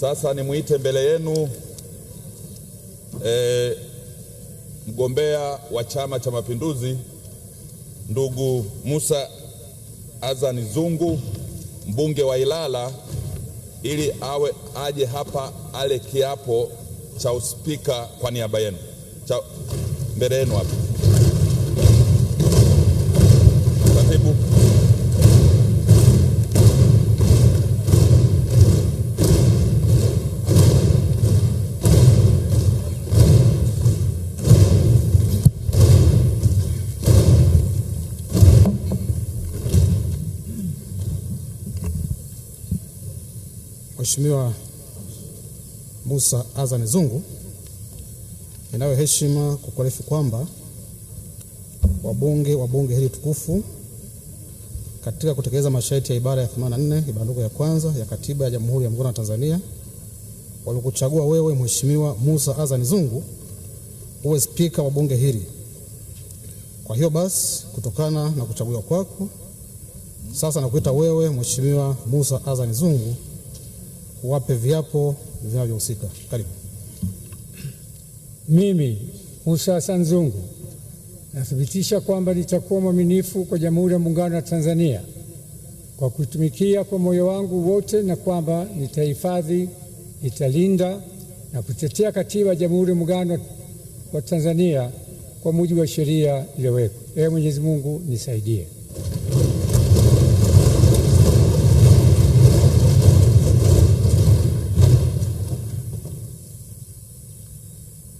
Sasa nimwite mbele yenu e, mgombea wa Chama cha Mapinduzi ndugu Musa Azani Zungu mbunge wa Ilala ili awe aje hapa ale kiapo cha uspika kwa niaba yenu, mbele yenu hapa. Mheshimiwa Musa Azan Zungu, ninayo heshima kukuarifu kwamba wabunge wa bunge hili tukufu katika kutekeleza masharti ya ibara ya 84 ibara ndogo ya kwanza ya katiba ya Jamhuri ya Muungano wa Tanzania walikuchagua wewe Mheshimiwa Musa Azan Zungu uwe spika wa bunge hili. Kwa hiyo basi, kutokana na kuchaguliwa kwako, sasa nakuita wewe Mheshimiwa Musa Azan Zungu wape viapo vinavyohusika. Karibu. Mimi musa Hassan Zungu nathibitisha kwamba nitakuwa mwaminifu kwa Jamhuri ya Muungano wa Tanzania kwa kutumikia kwa moyo wangu wote, na kwamba nitahifadhi, nitalinda na kutetea Katiba ya Jamhuri ya Muungano wa Tanzania kwa mujibu wa sheria iliyowekwa. Ee Mwenyezi Mungu nisaidie.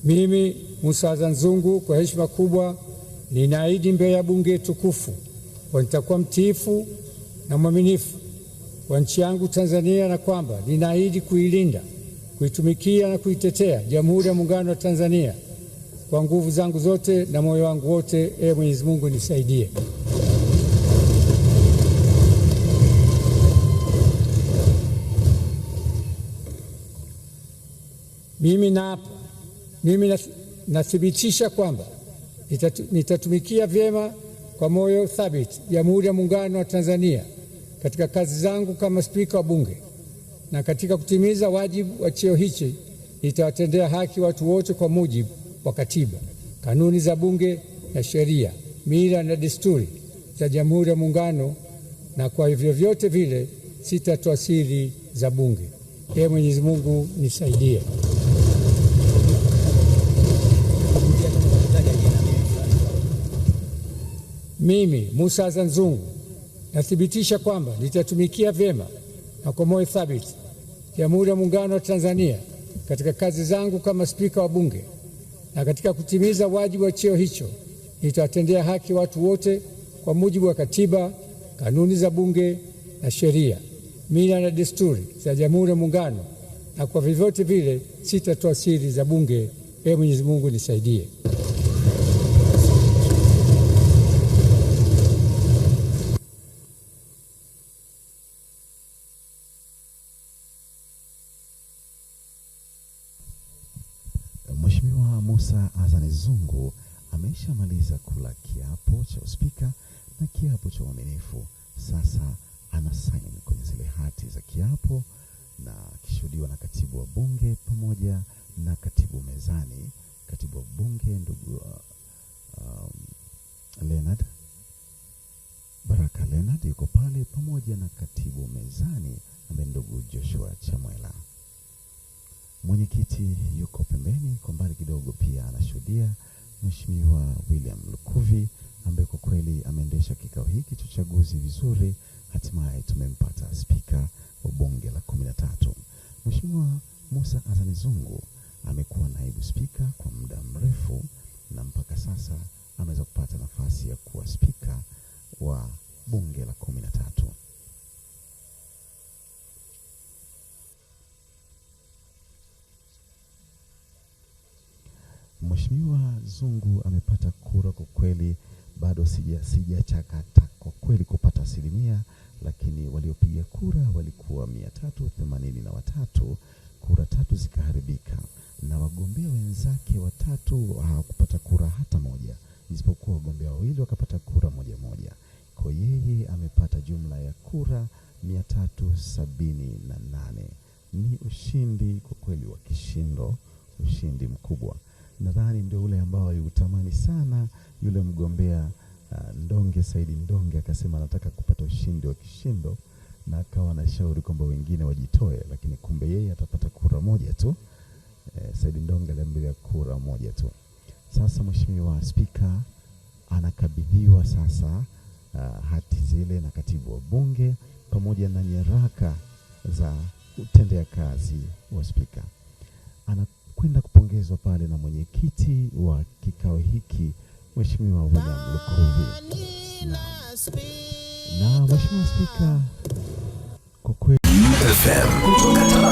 Mimi Musa Zanzungu, kwa heshima kubwa ninaahidi mbele ya bunge tukufu kwa nitakuwa mtiifu na mwaminifu kwa nchi yangu Tanzania na kwamba ninaahidi kuilinda, kuitumikia na kuitetea Jamhuri ya Muungano wa Tanzania kwa nguvu zangu zote na moyo wangu wote. Ee Mwenyezi Mungu nisaidie. Mimi naapa mimi nathibitisha kwamba nitatumikia vyema kwa moyo thabiti Jamhuri ya Muungano wa Tanzania katika kazi zangu kama Spika wa Bunge, na katika kutimiza wajibu wa cheo hichi nitawatendea haki watu wote kwa mujibu wa Katiba, kanuni za Bunge na sheria, mila na desturi za Jamhuri ya Muungano, na kwa hivyo vyote vile sitatoa siri za Bunge. Ee Mwenyezi Mungu nisaidie. Mimi musa za Zungu nathibitisha kwamba nitatumikia vyema na kwa moyo thabiti Jamhuri ya Muungano wa Tanzania katika kazi zangu kama Spika wa Bunge, na katika kutimiza wajibu wa cheo hicho nitawatendea haki watu wote kwa mujibu wa Katiba, kanuni za Bunge na sheria, mila na desturi za Jamhuri ya Muungano, na kwa vyovyote vile sitatoa siri za Bunge. Ee Mwenyezi Mungu nisaidie. Musa Azani Zungu ameshamaliza kula kiapo cha uspika na kiapo cha uaminifu. Sasa ana saini kwenye zile hati za kiapo na akishuhudiwa na katibu wa bunge pamoja na katibu mezani. Katibu wa bunge ndugu uh, um, Leonard Baraka Leonard yuko pale pamoja na katibu mezani ambaye ndugu Joshua Chamwela. Mwenyekiti yuko pembeni kwa kusaidia Mheshimiwa William Lukuvi ambaye kwa kweli ameendesha kikao hiki cha uchaguzi vizuri. Hatimaye tumempata spika wa bunge la kumi na tatu. Mheshimiwa Musa Azan Zungu amekuwa naibu spika kwa muda mrefu na mpaka sasa ameweza kupata nafasi ya kuwa spika wa bunge la kumi na tatu. Mheshimiwa Zungu amepata kura kwa kweli, bado sija sijachakata kwa kweli kupata asilimia, lakini waliopiga kura walikuwa mia tatu themanini na watatu, kura tatu zikaharibika na wagombea wenzake watatu hawakupata kura hata moja, isipokuwa wagombea wawili wakapata kura moja moja. Kwa yeye amepata jumla ya kura mia tatu sabini na nane. Ni ushindi kwa kweli wa kishindo, ushindi mkubwa nadhani ndio ule ambao aliutamani sana yule mgombea uh, Ndonge Saidi Ndonge akasema anataka kupata ushindi wa kishindo, na akawa shauri kwamba wengine wajitoe, lakini kumbe yeye atapata kura moja tu. Eh, Saidi Ndonge aliambiwa kura moja tu. Sasa Mheshimiwa Spika anakabidhiwa sasa uh, hati zile na katibu wa Bunge pamoja na nyaraka za utendea kazi wa spika ana yaliyoelezwa pale na mwenyekiti wa kikao hiki Mheshimiwa William Lukuvi na, na Mheshimiwa Spika kwa kweli FM kutoka